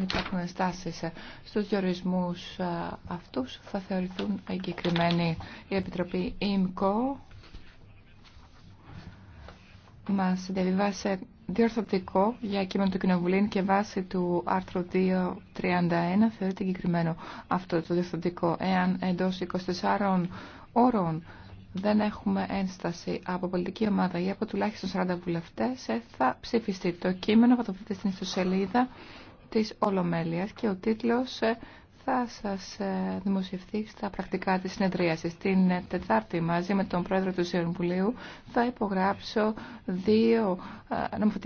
δεν υπάρχουν ενστάσεις ε, στους διορισμούς ε, αυτούς, θα θεωρηθούν εγκεκριμένοι. Η Επιτροπή ΙΜΚΟ μας διαβιβάσε διορθωτικό για κείμενο του Κοινοβουλίου και βάσει του άρθρου 231 θεωρείται εγκεκριμένο αυτό το διορθωτικό. Εάν εντός 24 ώρων δεν έχουμε ένσταση από πολιτική ομάδα ή από τουλάχιστον 40 βουλευτές, ε, θα ψηφιστεί το κείμενο, θα το βρείτε στην ιστοσελίδα της Ολομέλειας και ο τίτλος ε, θα σας ε, δημοσιευθεί στα πρακτικά της συνεδρίασης. Την ε, Τετάρτη μαζί με τον Πρόεδρο του Συμβουλίου θα υπογράψω δύο νομοθετικά